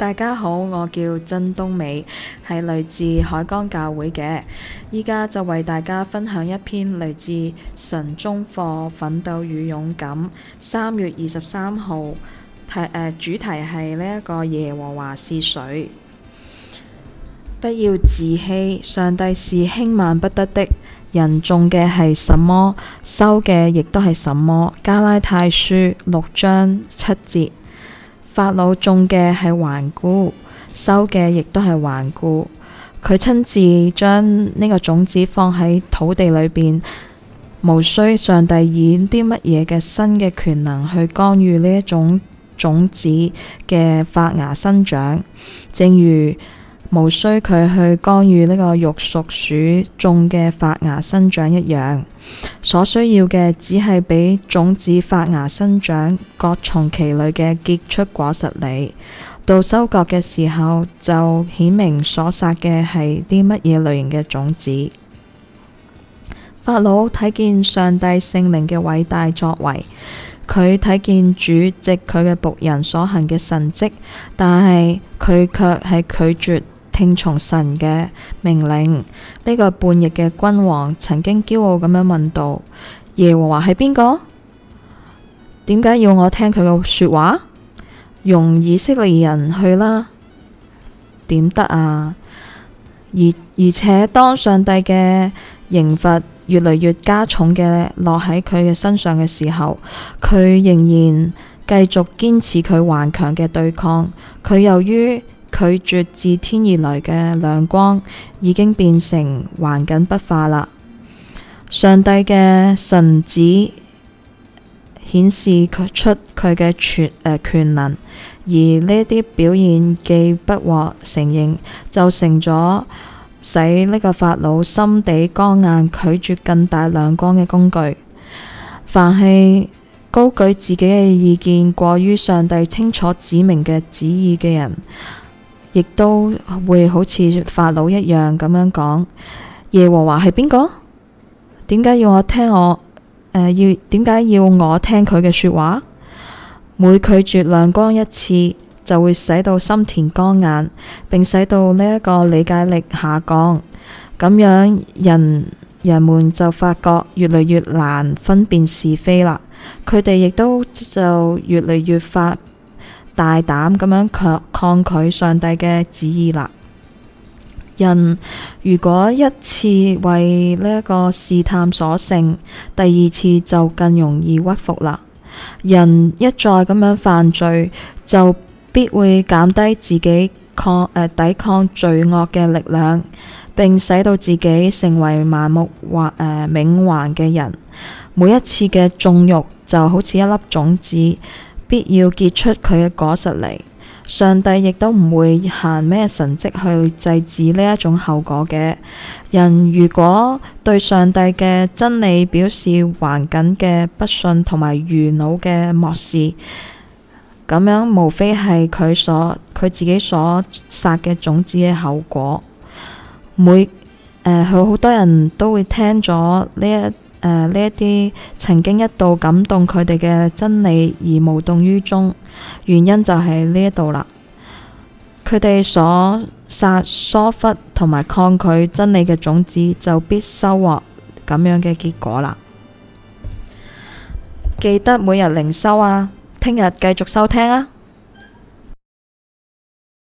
大家好，我叫曾東美，係來自海江教會嘅。依家就為大家分享一篇嚟自神中課《奮鬥與勇敢》。三月二十三號，題、呃、誒主題係呢一個耶和華是誰，不要自欺，上帝是輕慢不得的。人種嘅係什麼，收嘅亦都係什麼。加拉太書六章七節。法老種嘅係頑固，收嘅亦都係頑固。佢親自將呢個種子放喺土地裏邊，無需上帝以啲乜嘢嘅新嘅權能去干預呢一種種子嘅發芽生長。正如毋需佢去干預呢個肉熟鼠種嘅發芽生長一樣，所需要嘅只係俾種子發芽生長各從其類嘅結出果實嚟。到收割嘅時候，就顯明所撒嘅係啲乜嘢類型嘅種子。法老睇見上帝聖靈嘅偉大作為，佢睇見主藉佢嘅僕人所行嘅神蹟，但係佢卻係拒絕。聽從神嘅命令，呢個叛逆嘅君王曾經驕傲咁樣問道：耶和華係邊個？點解要我聽佢嘅說話？用以色列人去啦，點得啊？而而且當上帝嘅刑罰越嚟越加重嘅落喺佢嘅身上嘅時候，佢仍然繼續堅持佢頑強嘅對抗。佢由於拒絕自天而來嘅亮光，已經變成頑梗不化啦。上帝嘅神旨顯示出佢嘅權、呃、權能，而呢啲表現既不獲承認，就成咗使呢個法老心地剛硬，拒絕更大亮光嘅工具。凡係高舉自己嘅意見，過於上帝清楚指明嘅旨意嘅人，亦都會好似法老一樣咁樣講，耶和華係邊個？點解要我聽我誒？要點解要我聽佢嘅說話？每拒絕亮光一次，就會使到心田乾眼，並使到呢一個理解力下降。咁樣人人們就發覺越嚟越難分辨是非啦。佢哋亦都就越嚟越發。大膽咁樣抗抗拒上帝嘅旨意啦！人如果一次為呢一個試探所勝，第二次就更容易屈服啦。人一再咁樣犯罪，就必會減低自己抗、呃、抵抗罪惡嘅力量，並使到自己成為盲目或、呃、冥頑嘅人。每一次嘅縱慾就好似一粒種子。必要結出佢嘅果實嚟，上帝亦都唔會行咩神跡去制止呢一種後果嘅。人如果對上帝嘅真理表示還緊嘅不信同埋愚腦嘅漠視，咁樣無非係佢所佢自己所撒嘅種子嘅後果每。每、呃、誒，佢好多人都會聽咗呢一。誒，呢一啲曾經一度感動佢哋嘅真理而無動於衷，原因就係呢一度啦。佢哋所撒疏忽同埋抗拒真理嘅種子，就必收穫咁樣嘅結果啦。記得每日靈修啊，聽日繼續收聽啊。